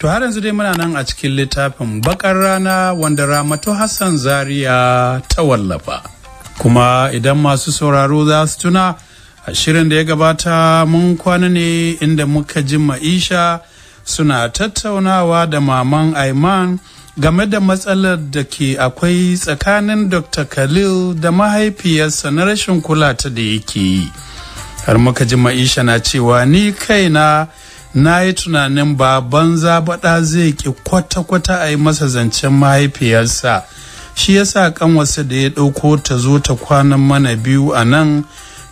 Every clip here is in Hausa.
To har yanzu dai muna nan a cikin littafin bakar rana wanda Ramatu Hassan Zaria ta wallafa. Kuma idan masu sauraro za su tuna a shirin da ya gabata mun kwana ne inda muka ji ma'isha suna tattaunawa da maman Aiman game da matsalar da ke akwai tsakanin Dr. Khalil da mahaifiyarsa na rashin kula ta da yake yi. Har muka ji ma'isha na cewa ni kaina. na yi tunanin ba banza baɗa zai ki kwata-kwata a yi masa zancen mahaifiyarsa shi ya yasa kanwarsa da ya ɗauko ta zo ta kwanan mana biyu a nan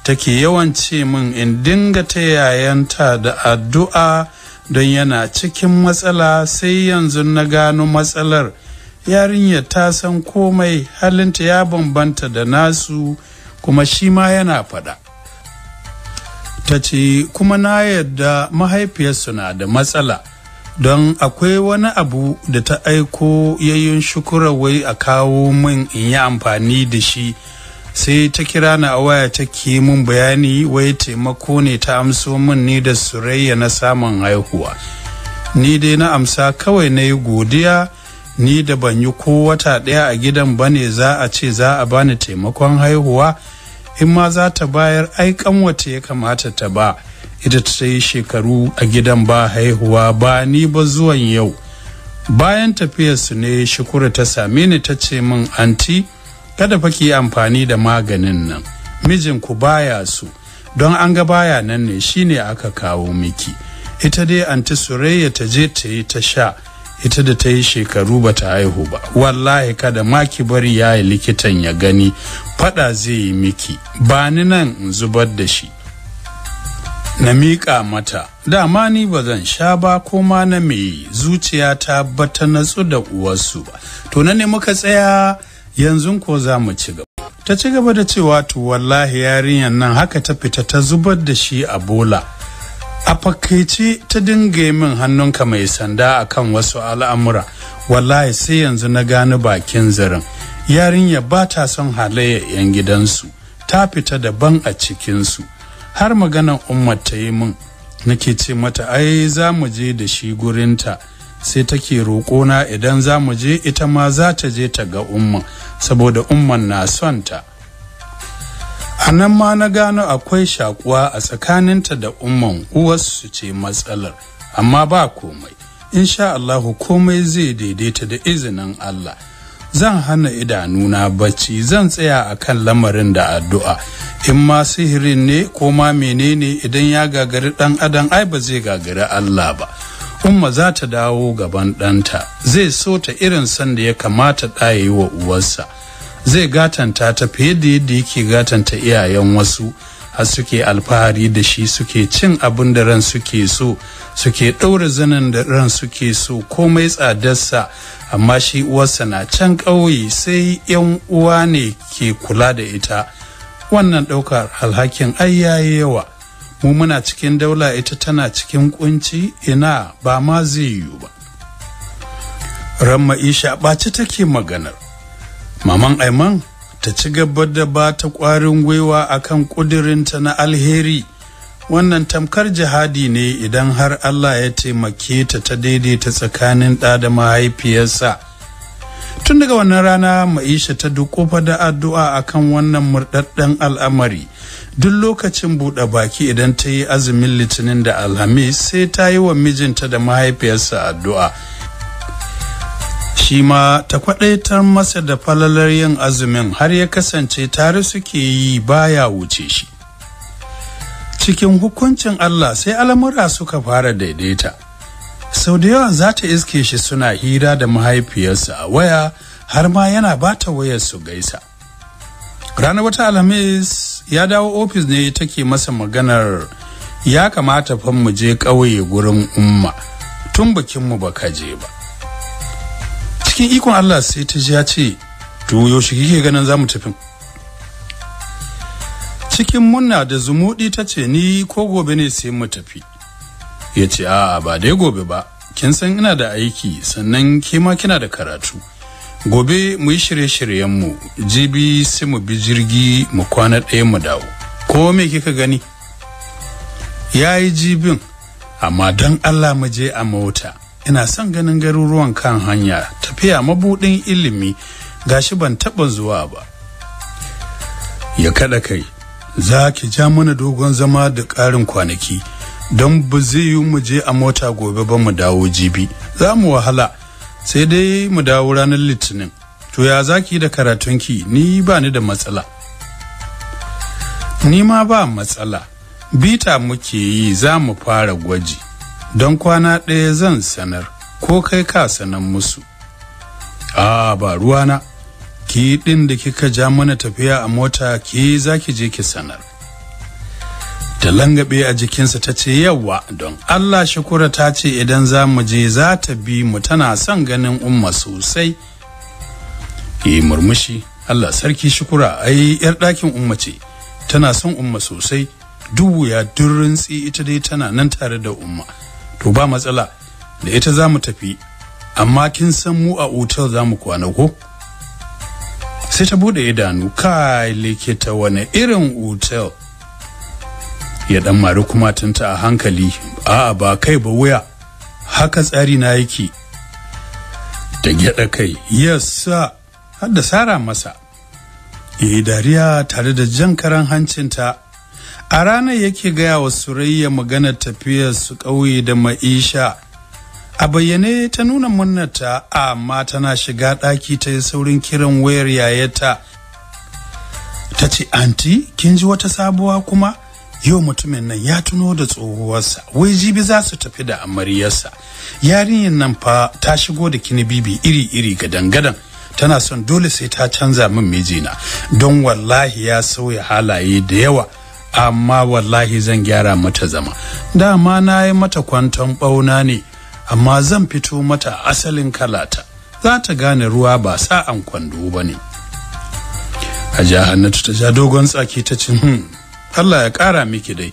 take yawan ce min in dinga ta yayanta da addu'a don yana cikin matsala sai yanzu na gano matsalar yarinya ta san komai halinta ya bambanta da nasu kuma shi ma yana faɗa ta ce kuma na yarda mahaifiyarsu na da matsala don akwai wani abu da ta aiko yayin wai a kawo min in yi amfani da shi sai ta kira na a waya ta ke mun bayani wai taimako ne ta amso min ni da surayya na samun haihuwa ni dai na amsa kawai na yi godiya ni da ban yi ko wata ɗaya a gidan bane za a ce za a bani taimakon haihuwa in ma za ta bayar aikan wata ya kamata ta ba ita ta yi shekaru a gidan ba haihuwa ba ni ba zuwan yau bayan tafiyarsu ne shukura ta same ni ta ce min anti kada fa ki amfani da maganin nan mijinku baya su don an ga baya nan ne shine aka kawo miki ita dai anti surayya ta je ta yi ta sha ita da ta yi shekaru ba ta haihu ba wallahi kada ma ki bari yi likitan ya gani fada zai yi miki ba ni nan in zubar da shi na miƙa mata dama ni ba zan sha ba ko ma na me zuciya ta bata natsu da uwarsu ba to na ne muka tsaya yanzu ko za mu ci gaba ta ci gaba da cewa to wallahi yarinyar nan haka ta fita ta zubar da shi a bola a fakaice ta dinga min hannunka mai sanda a kan wasu al'amura wallahi sai yanzu na gani bakin zarin yarinya ba ta son halayyar 'yan gidansu ta fita daban a cikinsu har maganar umar ta yi min nake ce mata ai za mu je da shi gurinta sai take roƙona idan za mu je ita ma za ta je ta ga umma saboda umman na son ta a nan ma na gano akwai shakuwa a tsakaninta da umman uwarsu ce matsalar amma ba komai insha Allahu komai zai daidaita da izinin Allah zan hana idanuna bacci zan tsaya a kan lamarin da addu'a in ma sihirin ne ko ma menene idan ya gagari dan adam ai ba zai gagari Allah ba umma za ta dawo gaban ɗanta zai so ta irin sanda ya kamata ɗaya yi wa uwarsa zai gatanta ta fiye da yadda yake gatanta iyayen wasu a suke alfahari da shi suke cin abin da ran suke so suke ɗaura zanen da ran suke so komai tsadarsa amma shi uwarsa na can ƙauye sai yan uwa ne ke kula da ita wannan ɗaukar alhakin ai yayi yawa mu muna cikin daula ita tana cikin kunci ina ba ma zai yiwu ba ran ma'isha ɓaci take maganar maman aiman ta ci gaba da ba ta ƙwarin gwiwa akan ƙudurinta na alheri wannan tamkar jihadi ne idan har Allah ya taimake ta ta daidaita tsakanin ɗa da mahaifiyarsa tun daga wannan rana maisha ta dukufa da addu'a akan wannan murɗaɗɗen al'amari duk lokacin buɗe baki idan ta yi azumin litinin da alhamis sai ta yi wa mijinta da mahaifiyarsa addu'a shi ma ta kwadaitar masa da falalar yin azumin har ya kasance tare suke yi baya wuce shi cikin hukuncin Allah sai al'amura suka fara daidaita sau da yawa za ta iske shi suna hira da mahaifiyarsa a waya har ma yana ba ta wayar su gaisa ranar wata alhamis ya dawo ofis ne take masa maganar ya kamata fa mu je ƙauye gurin umma tun bikinmu ba ka je ba cikin ikon Allah sai ta ji ya ce to yaushe kike ganin za mu tafi cikin munna da zumudi ta ce ni ko gobe ne sai mu tafi ya ce a'a ba dai gobe ba kin san ina da aiki sannan ke ma kina da karatu gobe mu yi shirye-shiryenmu jibi sai mu bi jirgi mu kwana ɗaya mu dawo ko me kika gani ya yi jibin amma don allah mu je a mota ina son ganin garuruwan kan hanya tafiya mabudin ilimi gashi ban taba zuwa ba ya kada kai za ki ja mana dogon zama da ƙarin kwanaki don ba zai yi mu je a mota gobe ba mu dawo jibi za mu wahala sai dai mu dawo ranar litinin to ya za ki da karatunki ni ba ni da matsala ni ma ba matsala bita muke yi za mu fara gwaji don kwana ɗaya zan sanar ko kai ka sanan musu a ba ruwana ki ɗin da kika ja mana tafiya a mota ki za ki je ki sanar ta langabe a jikinsa ta ce yawa don allah shukura ta ce idan za mu je za ta bi mu tana son ganin umma sosai yi murmushi allah sarki shukura ai yar ɗakin umma ce tana son umma sosai duk wuya duk rintsi ita dai tana nan tare da umma to ba matsala da ita za mu tafi amma kin san mu a otal za mu kwana ko sai ta bude idanu kai likita wani irin otal ya dan mari kuma tunta a hankali a'a ba kai ba wuya haka tsari na yake ta gyada kai yasa har da sara masa ya yi dariya tare da jan karan hancinta a ranar yake gaya wa surayya magana tafiyar su ƙauye da ma'isha a bayyane ta nuna munnata amma tana shiga ɗaki ta yi saurin kiran wayar yayata ta ce anti kin ji wata sabuwa kuma yau mutumin nan ya tuno da tsohuwarsa wai jibi za su tafi da amaryarsa yarinyar nan fa ta shigo da kini bibi iri-iri ga dangadan tana son dole sai ta canza min mijina don wallahi ya sauya halaye da yawa amma wallahi zan gyara mata zama dama na yi mata kwanton ɓauna ne amma zan fito mata asalin kalata za ta gane ruwa ba sa an kwando ba ne a jahannatu ta ja dogon tsaki ta ce hmm, allah ya ƙara miki dai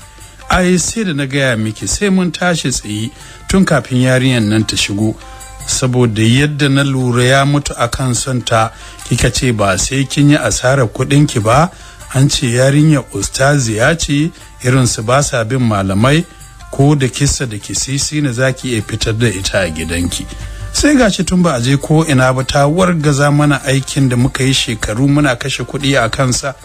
ai sai da na gaya miki sai mun tashi tsaye tun kafin yarinyar nan ta shigo saboda yadda na lura ya mutu akan son ta kika ce ba sai kin yi asarar kuɗinki ba an ce yarinya ustaziya ce su ba sa bin malamai ko da kissa da kisisi na zaki iya fitar da ita a gidanki sai gashi tun ba a je ko ina ba ta wargaza mana aikin da muka yi shekaru muna kashe kuɗi a kansa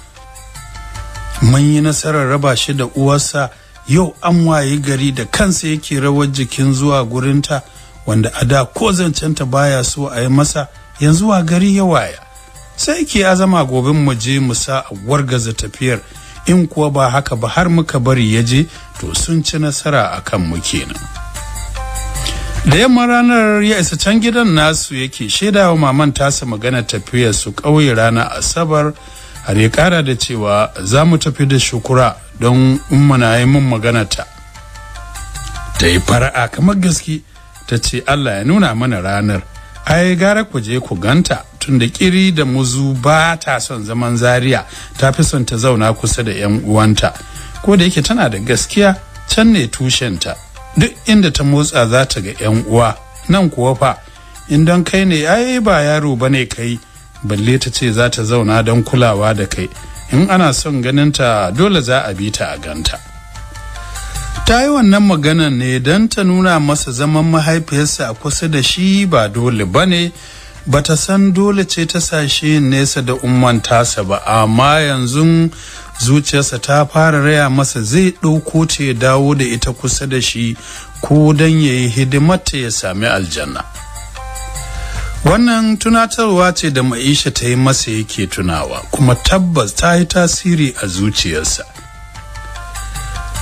mun yi nasarar raba shi da uwarsa yau an waye gari da kansa yake rawar jikin zuwa gurinta wanda a da ko zancenta baya so a yi masa yanzu wa gari ya waya sai ki azama gobe mu je mu sa a wargaza tafiyar in kuwa ba haka ba har muka bari ya je to sun ci nasara a kan mu kenan da yamma ranar ya isa can gidan nasu yake wa maman tasa magana tafiyar su ƙauye rana, asabar har ya ƙara da cewa za mu tafi da shukura don umma na yi mun magana ta ta yi fara'a kamar gaske ta ce allah ya nuna mana ranar ai gara ku je ku ganta tun da kiri da muzu ba ta son zaman zaria ta fi son ta zauna kusa da yan uwanta ko da yake tana da gaskiya can ne tushenta duk inda ta motsa za ta ga yan uwa nan kuwa fa in don kai ne ai ba yaro ba ne kai balle ta ce za ta zauna don kulawa da kai in ana son ganinta dole za a bi ta a ganta ta yi wannan maganan ne don ta nuna masa zaman mahaifiyarsa a kusa da shi ba dole ba ne bata san dole ce ta sashi nesa da umman tasa ba amma yanzu zuciyarsa ta fara raya masa zai ɗauko ta ya dawo da ita kusa da shi ko don ya yi hidimarta ya sami aljanna wannan tunatarwa ce da ma'isha ta yi masa yake tunawa kuma tabbas ta yi tasiri a zuciyarsa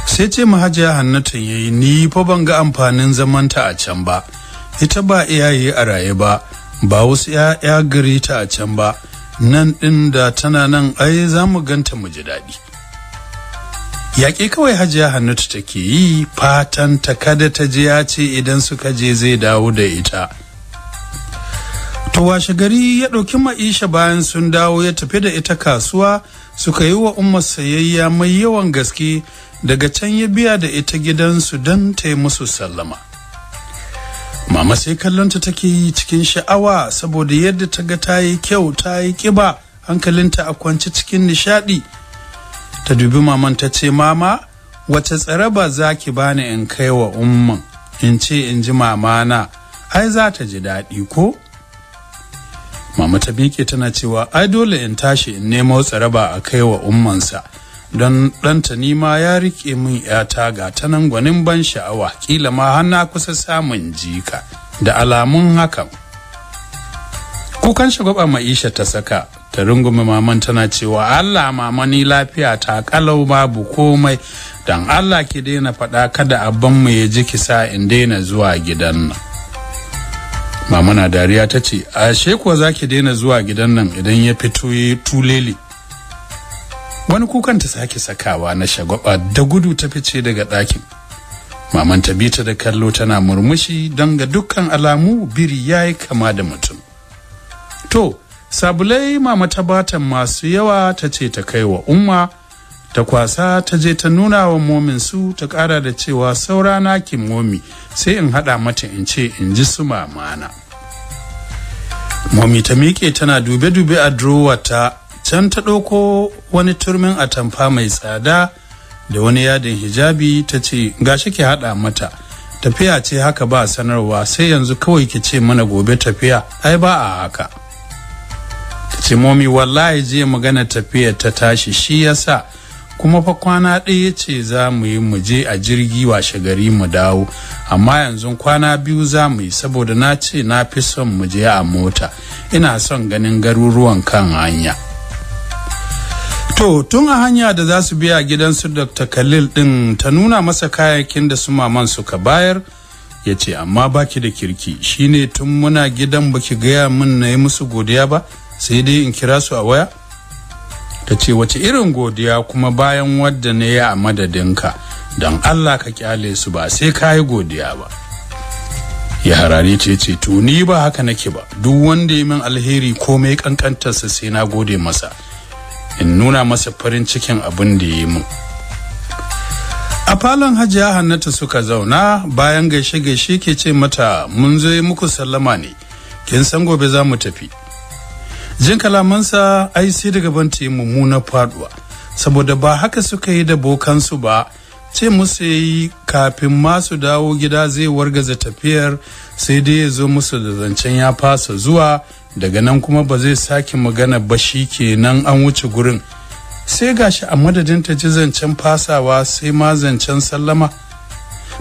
sai ce mahajiya hannatan ya yi ni fa ban ga amfanin zamanta a can ba ita ba iyaye a raye ba ba wasu ‘ya'ya gare ta a can ba nan ɗin da tana nan ai za mu ganta mu ji daɗi yaƙi kawai hajiya hannatu take yi fatan ta kada ta je ya ce idan suka je zai dawo da ita to washe gari ya ɗauki ma'isha bayan sun dawo ya tafi da ita kasuwa suka yi wa umma sayayya mai yawan gaske daga can ya biya da ita gidansu don ta yi musu sallama mama sai kallonta take yi cikin sha'awa saboda yadda ta ga ta yi kyau ta yi kiba hankalinta a kwance cikin nishadi ta dubi maman ta ce mama wace tsaraba za ki bani in kai wa umman in ce in ji mama na ai za ta ji daɗi ko mama ta miƙe tana cewa ai dole in tashi in nemo tsaraba a kai wa ummansa don ɗanta ni ma ya rike min ‘yata ga ta nan gwanin ban sha'awa kila ma hana kusa samun jika da alamun hakan kukan shagwaba ma'isha ta saka ta rungume maman tana cewa allah mama ni lafiya ta kalau babu komai don allah ki daina faɗa kada abban mu ya ji kisa in daina zuwa gidan nan mama na dariya ta ce ashe kuwa za ki daina zuwa gidan nan idan ya fito ya tulele wani kukan ta sake sakawa na shagwaba da gudu ta fice daga ɗakin maman ta ta da kallo tana murmushi don ga dukkan alamu biri ya yi kama da mutum to sabulai mama ta bata masu yawa ta ce ta kai wa umma ta kwasa ta je ta nuna wa momin su ta kara da cewa saura na kin momi sai in hada mata in ce in ji su mamana momi ta miƙe tana dube-dube a drowa ta can ta ɗauko wani turmin atamfa mai tsada da wani yadin hijabi ta ce ga shi ke haɗa mata tafiya ce haka ba sanarwa sai yanzu kawai ki ce mana gobe tafiya ai ba a haka ta ce momi wallahi je magana tafiya ta tashi shi yasa kuma fa kwana ɗaya ce za mu yi mu je a jirgi washe gari mu dawo amma yanzu kwana biyu za mu yi saboda na ce na fi son mu je a mota ina son ganin garuruwan kan hanya To tun a hanya da za su biya su Dr. Khalil din ta nuna masa kayayyakin da su maman suka bayar ya ce amma baki da kirki shine tun muna gidan baki gaya min na yi musu godiya ba sai dai in kira su a waya ta ce wace irin godiya kuma bayan wadda na yi a madadinka don Allah ka kyale su ba sai ka yi godiya ba ya harare ce ce to ba haka nake ba duk wanda ya min alheri komai kankantarsa sai na gode masa in nuna masa farin cikin abin da ya yi mu a falon hajiya hannatu suka zauna bayan gaishe-gaishe ke ce mata mun zo yi muku sallama ne kin san gobe za mu tafi jin kalamansa ai sai daga ban ta yi mummuna faduwa saboda ba haka suka yi da bokansu ba ce musu yi kafin masu dawo gida zai wargaza tafiyar sai dai ya zo musu da zancen ya fasa zuwa daga nan kuma ba zai sake magana ba shi kenan an wuce gurin sai gashi a madadin ta ji zancen fasawa sai ma zancen sallama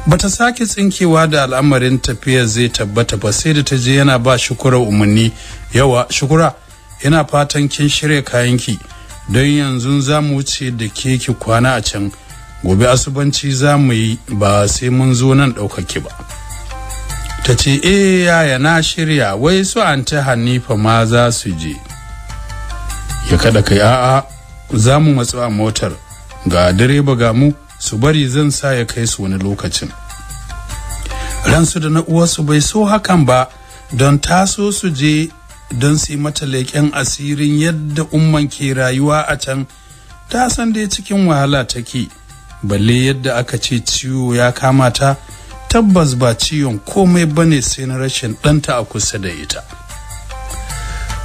bata sake tsinkewa da al'amarin tafiyar zai tabbata ba sai da ta je yana ba shukura umarni yawa shukura yana fatan kin shirya kayanki don yanzu za mu wuce da ke ki kwana a can gobe asubanci za mu yi ba sai mun zo nan ɗaukaki ba ta ce eh yaya na shirya wai su an anti hannifa ma za su je ya kada kai a'a za mu matsu a motar ga direba ga mu su bari zan sa ya kai su wani lokacin ransu da na uwarsu bai so hakan ba don taso su je don su yi mata leƙen asirin yadda umman ke rayuwa a can ta san dai cikin wahala take balle yadda aka ce ciwo ya kamata tabbas ba ciwon komai bane sai na rashin ɗanta a kusa da ita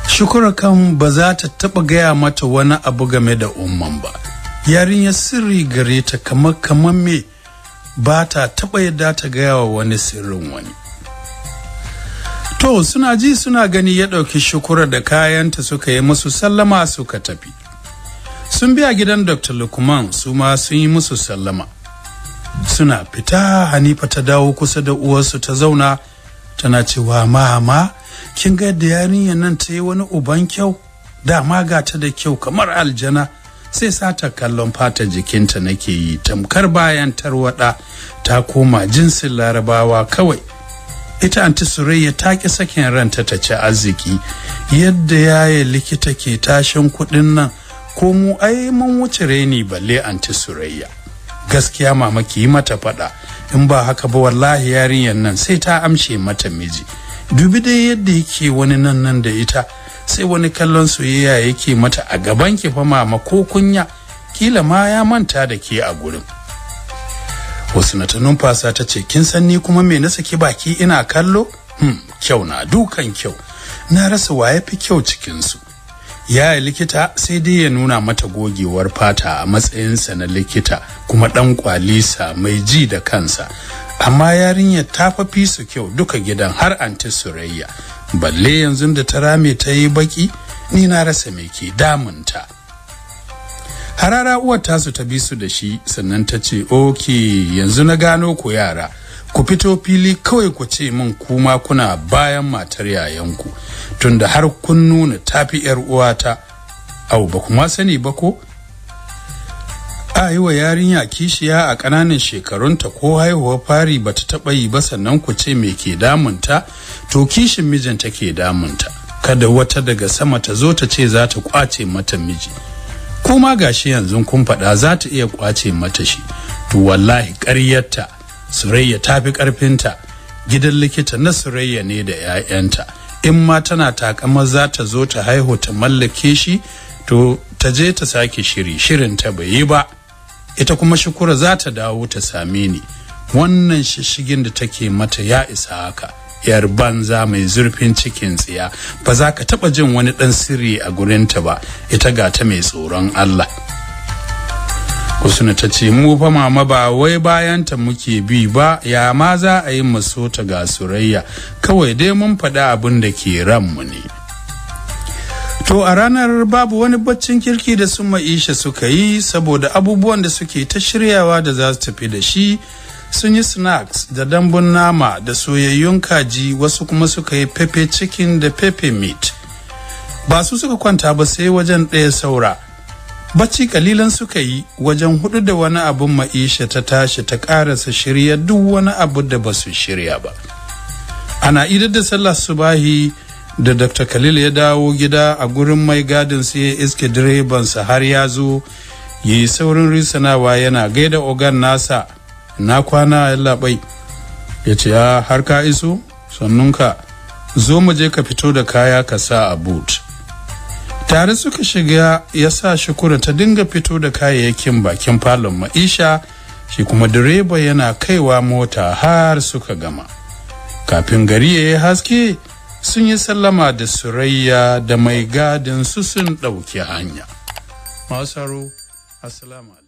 shukura kan ba za ta taɓa gaya mata wani abu game da umman ba yarinyar sirri gare ta kamar kamar me ba ta taɓa yadda ta gaya wa wani sirrin wani to suna ji suna gani ya ɗauki shukura da kayanta suka yi musu sallama suka tafi sun biya gidan dr lukman su ma sun yi musu sallama suna fita hanifa ta dawo kusa da uwarsu ta zauna tana cewa mama kin ga da yarinyar nan ta yi wani uban kyau dama ga ta da kyau kamar aljana sai sata kallon fata jikinta nake yi tamkar bayan tarwada ta koma jinsin larabawa kawai ita anti surayya ta ki sakin ranta ta ci arziki yadda yaya likita ke tashin kuɗin nan ko mu ai mun wuce reni balle anti surayya gaskiya mama ki yi mata faɗa in ba haka ba wallahi yarinyar nan sai ta amshe mata miji dubi dai yadda yake wani nan nan da ita sai wani kallon soyayya yake mata a gaban ki fa mama ko kunya kila ma ya manta da ke a gurin wasu na ta numfasa ta ce kin san ni kuma me na saki baki ina kallo hmm, kyau na dukan kyau na rasa waye fi kyau cikin su ya yi likita sai dai ya nuna mata gogewar fata a matsayinsa na likita kuma dan kwalisa mai ji da kansa amma yarinyar ta fafi su kyau duka gidan har anti surayya balle yanzu da ta rame ta yi baki ni na rasa mai ke damunta harara uwar tasu ta bi su da shi sannan ta ce oke yanzu na gano ku yara ku fito fili kawai ku ce min kuma kuna bayan matar yayanku tunda har kun nuna tafi yar uwata au ba kuma sani ba ko a yi wa yarinya kishiya a ƙananan shekarunta ko haihuwa fari ba ta taɓa yi ba sannan ku ce me ke damunta to kishin mijinta ke damunta kada wata daga sama ta zo ta ce za ta kwace mata miji kuma gashi yanzu kun faɗa za ta iya kwace mata shi to wallahi ƙaryarta surayya ta fi ƙarfinta gidan likita na surayya ne da 'ya'yanta in ma tana takamar za ta zo ta haihu ta mallake shi to ta je ta sake shiri shirin ta bai yi ba ita kuma shukura za ta dawo ta same ni wannan shishigin da take mata ya isa haka yar banza mai zurfin cikin tsiya ba za ka taba jin wani ɗan sirri a gurinta ba ita ga ta mai tsoron Allah Kusuna ta ce mu fa mama ba wai bayan ta muke bi ba ya ma za a yi maso ta ga surayya kawai dai mun faɗa abin da ke ran mu ne. To a ranar babu wani baccin kirki da sun ma'isha suka yi saboda abubuwan da suke ta shiryawa da za su tafi da shi sun yi snacks da dambun nama da soyayyun kaji wasu kuma suka yi pepe chicken da pepe meat. Ba su suka kwanta ba sai wajen ɗaya saura. bacci kalilan suka yi wajen hudu da wani abun ma'isha ta tashi ta karasa shirya duk wani abu da ba su shirya ba ana idar da sallah subahi da dr khalil ya dawo gida a gurin mai gadin sai ya iske direbansa har ya zo ya yi saurin risanawa yana gaida ogan nasa na kwana labai ya ce ah, har ka iso sannunka zo mu je ka fito da kaya ka sa a boot tare suka shiga ya sa shukura ta dinga fito da kayayyakin bakin falon ma'isha shi kuma direba yana kaiwa mota har suka gama kafin gari ya yi haske sun yi sallama da surayya da mai gadin su sun ɗauki hanya masu assalamu